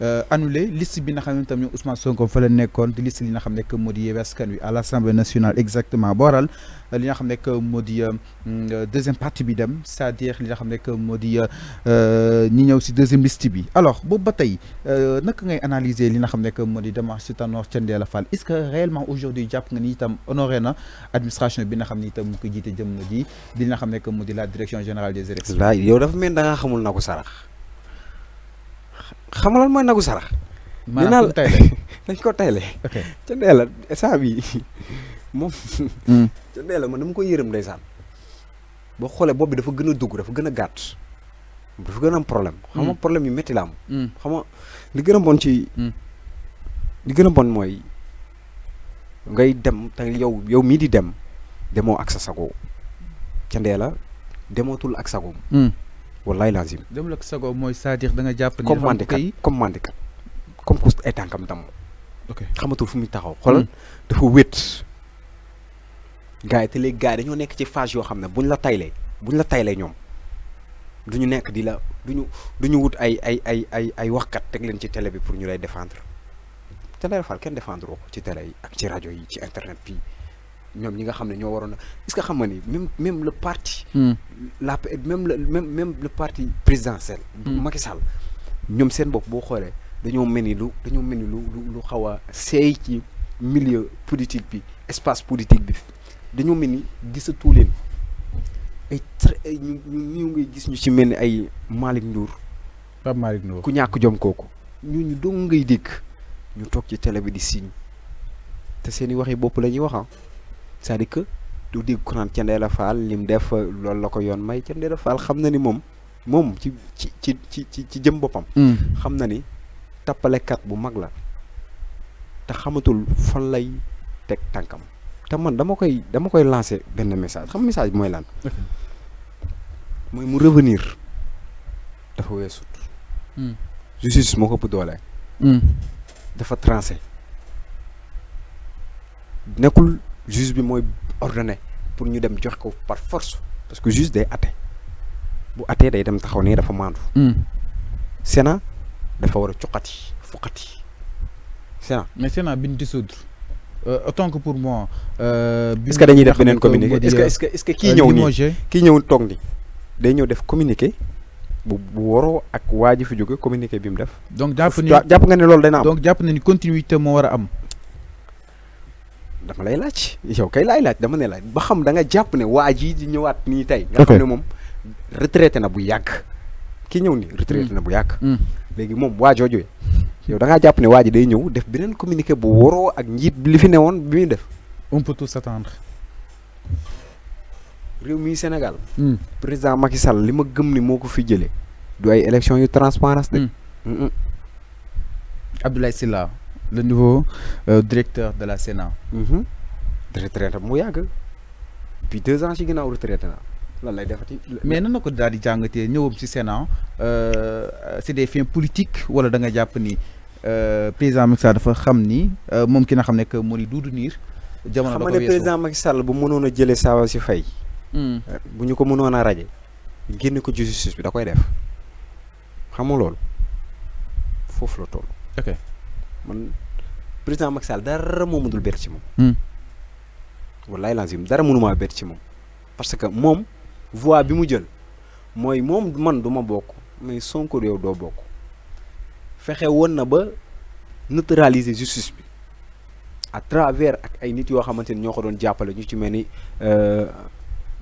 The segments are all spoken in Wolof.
Euh, annulé liste bi nga xam tam tamit Ousmane Sonko fa la nekkoon di liste li nga xam que modi di Wi à l'Assemblée nationale exactement booral li nga xam que modi euh, deuxième partie bi dem c'est-à-dire li nga xam que modi euh, ñi ñëw ci deuxième liste bi alors boobu batay tey naka ngay analyser li nga xam que modi di démarche si Tanor ndela Fall est-ce que réellement aujourd'hui japp nga ni itam honoré na administration bi nga xam tam mu ko jité jëm na di nga xam ne la direction générale des élections. yow dafa mel da nga xamul nako sarax. xam nga lan mooy nagu sarax. maanaam dañ ko tayle ok ca Ndéla saa bi moom. Hmm. ca Ndéla man dama koy yërëm ndeysaan. boo xoolee boob bi dafa gën a dugg dafa gën a gàtt. dafa gën a am problème. xam hmm. yu métti la am. Hmm. xam li gën a bon ci. li gën a bon mooy ngay dem te yow yow mii di dem demoo ak sa sago ca Ndéla demootul ak sagoom. wallaay laazim. dem la sago mooy c'est-à-dire da nga jàpp ni. comme mandikat comme mandikat comme ku ay tànkam damm. xamatul fu muy taxaw. xoolal hmm. dafa wét. gars yi te léegi gars dañoo nekk ci phase yoo xam ne ñu la taylee buñ la taylee ñoom duñu nekk di la du ñu du ñu wut ay ay ay ay ay waxkat teg leen ci télé bi pour ñu lay défendre te lay defal kenn défendre ci télé yi ak ci rajo yi ci internet bi ñom ñi nga xamné ne ñoo waroon est-ce que xam nga ni même même le parti. Hmm. la même le même même le parti présidentiel. Hmm. Macky Sall ñom seen bopp bo xolé dañoo melni lu dañoo melni lu lu xawa sey ci milieu politique bi espace politique bi dañoo melni ni gisatoo leen ay ñu ñu ngi gis ñu ci melni ay Malick Ndour. Pape Malick Ndour ku ñak jom kooku. ñu dong ngay dégg ñu tok ci télé bi di signe te seeni i waxi bopp la wax ah. c'est-à-dire que du dégg ku naan ca faal Fall lim def loolu la ko yoon may ca Ndella xam na ni moom moom ci ci ci ci ci jëm boppam. Hmm. xam na ni tappalekat bu mag la te xamatul fan lay teg tànkam te man dama koy dama koy lancer benn message xam message mooy lan. mooy mu revenir dafa weesut. Hmm. justice moo ko ëpp doole. Hmm. dafa tranché nekkul. Juste bi moy ordonné pour ñu dem jox ko par force parce que juste des atte bu attee day dem taxaw ni dafa hmm Sénat dafa wara a fuqati Sénat. mais Sénat bi ñu dissoudre euh, autant que pour moi. Euh, est ce que dañuy def benen communiqué est ce que est ce que ki euh, ñëw ni ki ñëw tok ni day ñëw def communiqué. bu bu waroo ak waa ji fi jóge communiqué bi mu def. donc japp ni nga ni loolu dana am. donc japp na ni continuité mo wara am. dama lay lacc yow kay lay lacc dama ne lay ba xam da nga japp ne waji di ñëwaat ni tay nga xam ne mom retraité na bu yàgg ki ñëw ni retraité mm. na bu yàgg mm. léegi mom wajo joy yow da nga japp ne waji day ñëw def benen communiqué bu woro ak njiit li fi newoon bi muy def on peut tout s'attendre réew mi Sénégal mm. président Macky Sall lima gëm ni moko fi jëlé du ay élection yu transparence de Abdoulaye Sylla le nouveau euh, directeur de la Sénat. retraite mhm. mu yàgg depuis deux ans ci ginnaaw retraite la lan lay defati. mais nan la ko daal di jàngatee ñëwam ci Sénat euh, c'est des fins politiques wala da nga jàpp ni euh, président Macky Sall dafa xam ni moom ki nga xam ne que moo di Doudou Ndir. jamono da ko weesoo xam nga président Macky Sall bu mënoon a jëlee saa fay. Hmm. bu ñu ko mënoon a raje génn ko ci justice bi da koy def xam nga loolu la toll. ok man. président Macky Sall dara moo mënul bett ci moom. Hmm. wallaay lazim dara mënumaa bett ci moom. parce que moom voie bi mu jël mooy moom man duma bokk mais Sonko yow doo bokk fexe woon na ba neutraliser justice bi à travers ak ay nit yoo xamante ni ñoo ko doon jàppale ñu ci mel ni euh,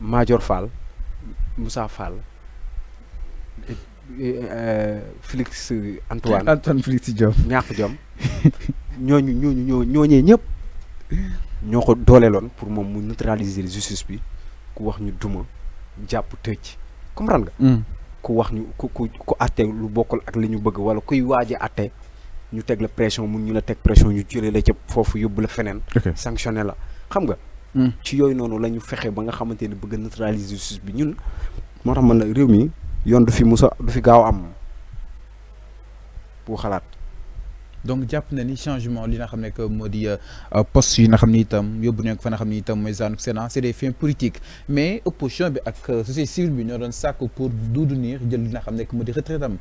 Major Fall musa Fall. Euh, Félix Antoine Antoine Félix Diome ñaax Diome ñooñu ñooñu ñoo ñooñee ñëpp ñoo ko dooleeloon pour moom mu neutraliser justice bi ku wax ñu duma jàpp tëj comprendre nga. Mm. ku wax ñu ku ku ku àtte lu bokkul ak li ñu bëgg wala kuy waaj a àtte ñu teg la pression mun ñu la teg pression ñu jëlee la ca foofu yóbbu la feneen. sanctionné la xam nga. Mm. ci yooyu noonu la ñu fexe ba nga xamante ni bëgg neutraliser justice bi ñun. moo tax man la réew mi yoon du fi musa du fi gaaw am bu xalaat. donc jàpp na ni changement li nga xamné que modi euh, poste yi nga xamni tam yobou yóbbu ko fa nga xam ni itam mooy Sénat c'est des fins politiques mais opposition bi ak société civile bi ñoo don sac pour Doudou jël li nga xam que modi di retraite am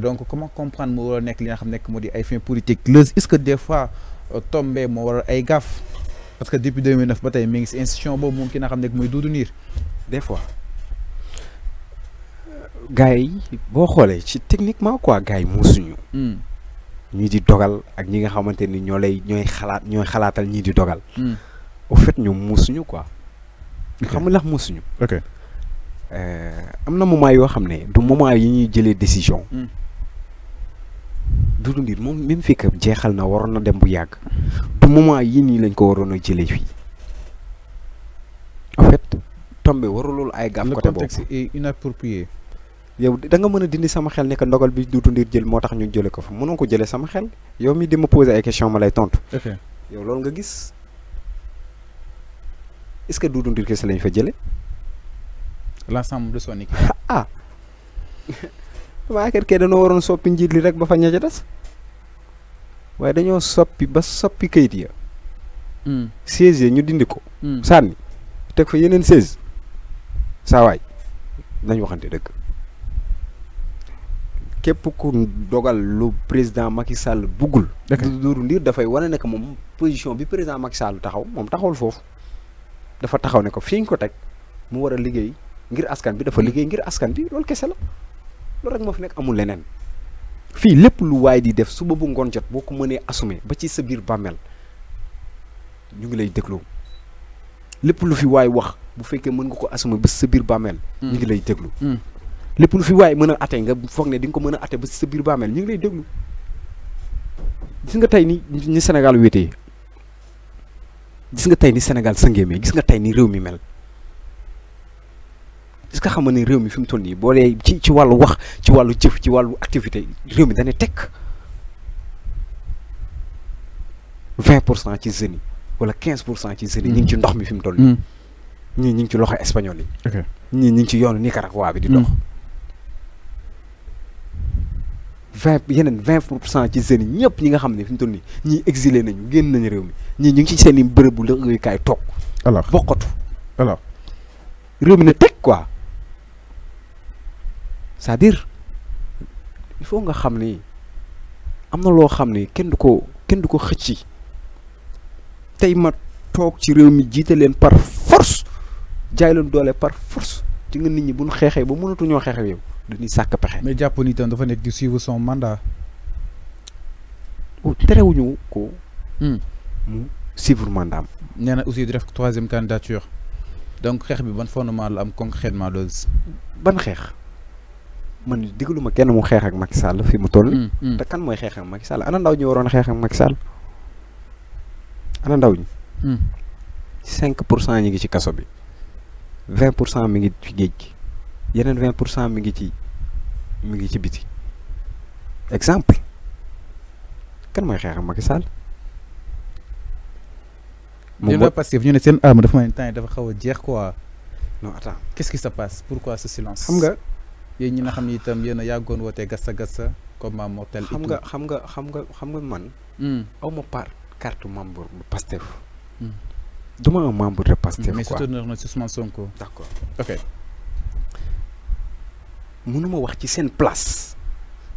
donc comment comprendre mo wara nek li nga xamné que modi ay fins politiques Leuz est-ce que des fois euh, tomber mo wara ay gaaf parce que depuis 2009 batay mi ngi ci institution bobu moom ki nga xamné ne mooy Doudou des fois gars yi boo xoolee ci techniquement quoi gars yi muusuñu hmm. ñii di dogal ak ñi nga xamante ni ñoo lay ñooy xalaat ñooy xalaatal ñii di dogal. Hmm. au fait ñoom muusuñu quoi. xam nga ndax muusuñu. ok euh, am na moment yoo xam ne du moment yi ñuy jëlee décision. Hmm. du ngir moom même fii jeexal na waroon na dem bu yàgg du moment yi nii lañ ko waroon a jëlee fii en fait tombé warulul ay gaaf. côté boobu le contexte est inapproprié. yow da nga mën dindi sama xel ne que ndogal bi Doudou Ndir jël moo tax ñu jële ko fa mënoo ko jëlee sama xel yow mi di ma poser ay question ma lay tontu. yow loolu nga gis est-ce que Doudou Ndir kese lañ fa jële l'ensemble de son équipe. ah waa kër kee dañoo waroon soppi njiit li rek ba fa ña ca des waaye dañoo soppi ba soppi kayit ya. Hmm. seize ya ñu dindi ko. Hmm. sànni teg fa yeneen seize saa waay nañ waxante dëgg. képp ku dogal lu président Macky Sall buggul. Doudou Ndir dafay wane ne moom position bi président Macky Sall taxaw moom taxawul foofu. dafa taxaw ne ko fi ñu ko teg mu war a liggéey ngir askan bi dafa hmm. liggéey ngir askan bi loolu kese la loolu rek moo fi nekk amul leneen. fii lépp lu waay di def suba bu ngoon jot boo ko mënee assumer ba ci sa biir bàmmeel ñu ngi lay déglu lépp lu fi waay wax bu fekkee mën nga ko assumer ba sa biir bàmmeel. ñu hmm. ngi lay déglu. Hmm. lépp lu fi waaye mën a ate nga foog ne di ko mën a ate ba sa biir bàmmeel ñu ngi lay déglu gis nga tey ni ñi Sénégal wéetee gis nga tey ni Sénégal sëngéemee gis nga tey ni réew mi mel est-ce que xam nga ne réew mi fi mu toll nii boo dee ci wàllu wax ci wàllu jëf ci wàllu activité réew mi dana teg vingt pour cent ci jeunes yi wala quinze pour cent ci jeunes yi ñu ci ndox mi fi mu toll nii mm. ñu ngi ci loxo espagnol yi ñii ñu ngi ci yoonu Nicaragua bi di dox mm. vingt yeneen vingt pour cent ci jeunes yi ñëpp ñi nga xam ne fi mu toll nii ñii exilé nañu génn nañu réew mi ñii ñu ngi ci seen i bërëbu liggéeyukaay toog. alors bokkatu. alors réew mi ne teg quoi c'est-à-dire il faut nga xam ni am na loo xam ni kenn du ko kenn du ko xëcci tey ma toog ci réew mi jiite leen par force jaay leen doole par force ci nga nit ñi bu xeexee ba mënatuñoo xeex ak yow. duñu ñu sàkk pexe. mais jàpp ni tam dafa nekk di suivre son mandat. terewuñu ko. mu mm. suivre mandat nee na aussi di def er troisième candidature. donc xeex bi ban fondement la am concrètement loolu ban xeex man digluma kenn mu xeex ak Macky Sall fi mu toll. te kan mooy xeex ak Macky Sall ana ndaw ñu waroon xeex ak Macky Sall ana ndaw ñu mm. cinq 5% ñi ngi ci kasso bi 20% mi ngi ci geej gi. yeneen vingt pour cent mi ngi ci mi ngi ci biti exemple kan mooy xeex ak Macky Sall. mu bokk parce ñu ne seen arme dafa mel ni temps dafa xaw a jeex quoi. non attends qu'est-ce sa se pour pourquoi sa silence. xam nga yéen ñi nga xam ne itam yéen a yàggoon wootee gassa gassa comme maam mortel. xam nga xam nga xam nga xam nga man. Hmm. aw ma par carte membre bu Pastef. Hmm. du ma un membre de Pastef hmm, quoi mais soutenir na d'accord wax place.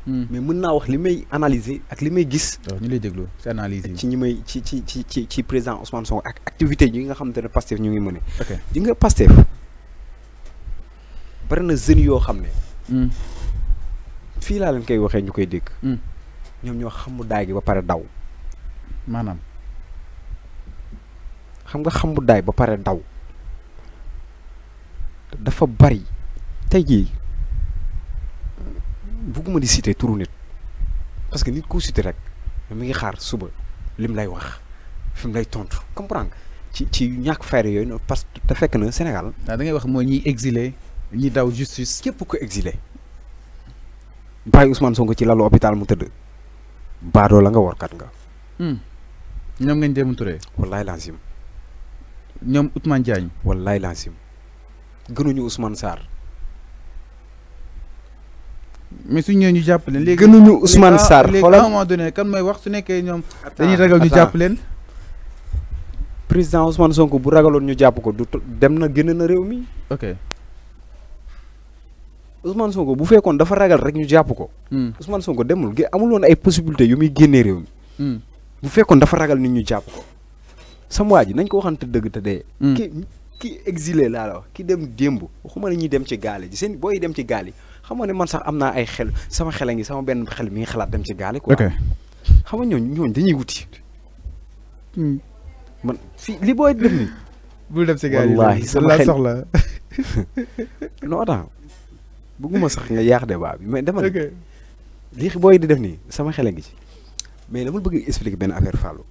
Hmm. mais mën wax analyser ak gis. Ah, ñu lay c'est ci ñi may ci ci ci ci ci Ousmane ak activité yi nga xamante ne Pastef ñu ngi mëne. ok di nga ne. Hmm. leen ñu hmm. xamu daay ba paré daw. Manam. xam nga xamu daay ba daw. dafa bugguma di citer turu nit parce que nit koo citer rek mi ngi xaar suba lim lay wax fi mu lay tontu comprendre ci ci ñàkk fayda yooyu noonu parce que te fekk na Sénégal. da ngay wax mooy ñiy exilé ñi daw justice. képp ko exilé bàyyi Ousmane Sonko ci lalu hôpital mu tëdd. baadoo la nga workat nga. Hmm. ñoom ngeen jéem a turee. wallaay lansim. ñoom Ousmane Diagne. wallaay lansim. gënuñu Ousmane Sarr. mais suñ ñëwee ñu jàpp leen léegi gënuñu Ousmane ah, Sarr xoolal léegi moment donné kan mooy wax su nekkee ñoom dañuy ragal ñu jàpp leen président Ousmane Sonko bu ragaloon ñu jàpp ko du dem na génn na réew mi ok Ousmane Sonko bu fekkoon dafa ragal rek ñu jàpp ko hmm. Ousmane Sonko demul gé amul woon ay possibilité yu muy génnee réew mi hmm. bu fekkoon dafa ragal nit ñu jàpp ko sam waa ji nañ ko waxante dëgg te dee hmm. ki ki exilé laa la wax ki dem démb waxuma ne ñuy dem ci gaale ji seen booy dem ci gaal yi xam nga ne man sax am naa ay xel sama xel a ngi sama benn xel mi ngi xalaat dem ci gaale quoi. ok xam nga ñooñ ñooñu dañuy wuti. Hmm. man fii li booy def nii. bul dem ci gaale yi wallaahi sama xel soxla. non attends bëgguma sax nga yaax débat bi mais dama ne. li booy di def nii sama xel a ci. mais dama bëgg expliquer benn affaire Fallou.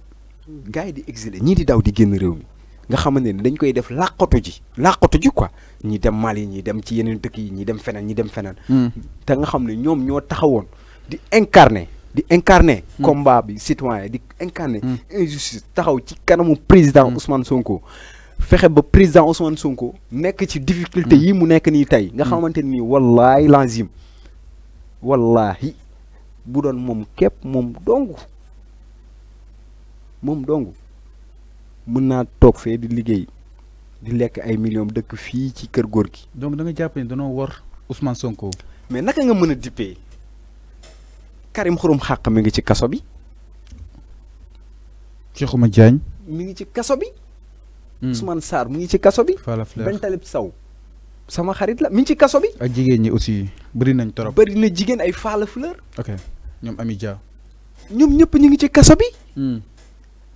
Hmm. gars yi di exilé ñii di daw di génn réew mi. nga xamante ni dañ koy def làqatu ji làqatu ji quoi ñi dem mal yi ñi dem ci yeneen dëkk yi ñi dem feneen ñi dem feneen hmm. te nga xam ne ñoom ñoo taxawoon di incarner di incarner hmm. combat bi citoyen di incarner hmm. injustice taxaw ci kanamu président Ousmane Sonko fexe ba président Ousmane Sonko nekk ci difficulté yi mu nekk nii tey nga xamante nii wallaahi lazim wallaahi bu doon moom képp moom dong moom dong mën naa toog fee di liggéey di lekk ay millions dëkk fii ci kër góor gi. donc da nga jàpp ne danoo war Ousmane Sonko. mais naka nga mën a dippee Karim Xurum Xàq mi ngi ci kaso bi. Cheikh Oumar Diagne. mi ngi ci kaso bi. Hmm. Ousmane Sarr mu ngi ci kaso bi. Fala Fleur Ben saw sama xarit la mi ngi ci kaso bi. ak jigéen ñi aussi bëri nañ trop. bëri na jigéen ay Fala Fleur. ok ñoom Amidia. ñoom ñëpp ñu ngi ci kaso bi. Hmm.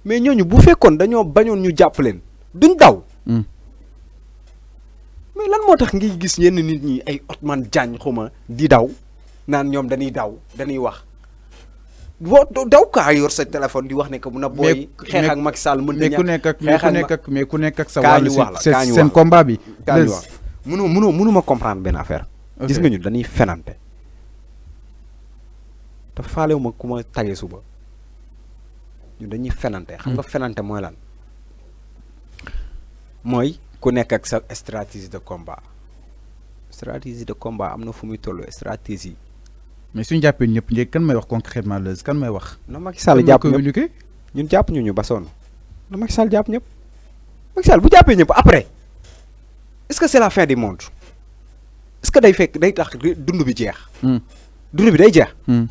mais ñooñu bu fekkoon dañoo bañoon ñu jàpp leen duñ daw. Hmm. mais lan moo tax ngi gis yenn nit ñi ay Ousmane Diagne xuma di daw naan ñoom dañuy daw dañuy wax boo daw kaa yor sa téléphone di wax ne que mun a. booy xeex ak Macky Sall mën nañu. xeex ak mais ku nekk ak mais ku nekk sa wàllu seen combat bi. kaa ñu wax mënu mënu mënu comprendre benn affaire. gis nga ñu dañuy fenante te faalewu ma ku ma tàggee suba. ñu dañuy fenante xam nga hmm. fenante mooy lan mooy ku nekk ak sa stratégie de combat stratégie de combat am fu muy stratégie mais suñu jàppee ñëpp njëkk kan may wax concrètement ne kan may wax non Macky Sall jàpp ñun ñu ñu na Macky Sall jàpp ñëpp bu après est-ce que c'est la fin du monde est-ce que day fekk day tax dund bi jeex hmm. dund hmm.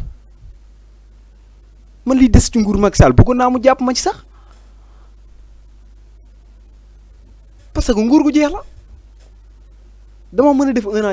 man li des ci nguur Macky saal buggo naa mu jàpp ma ci sax parce que nguur gu jeex la dama mën a def un an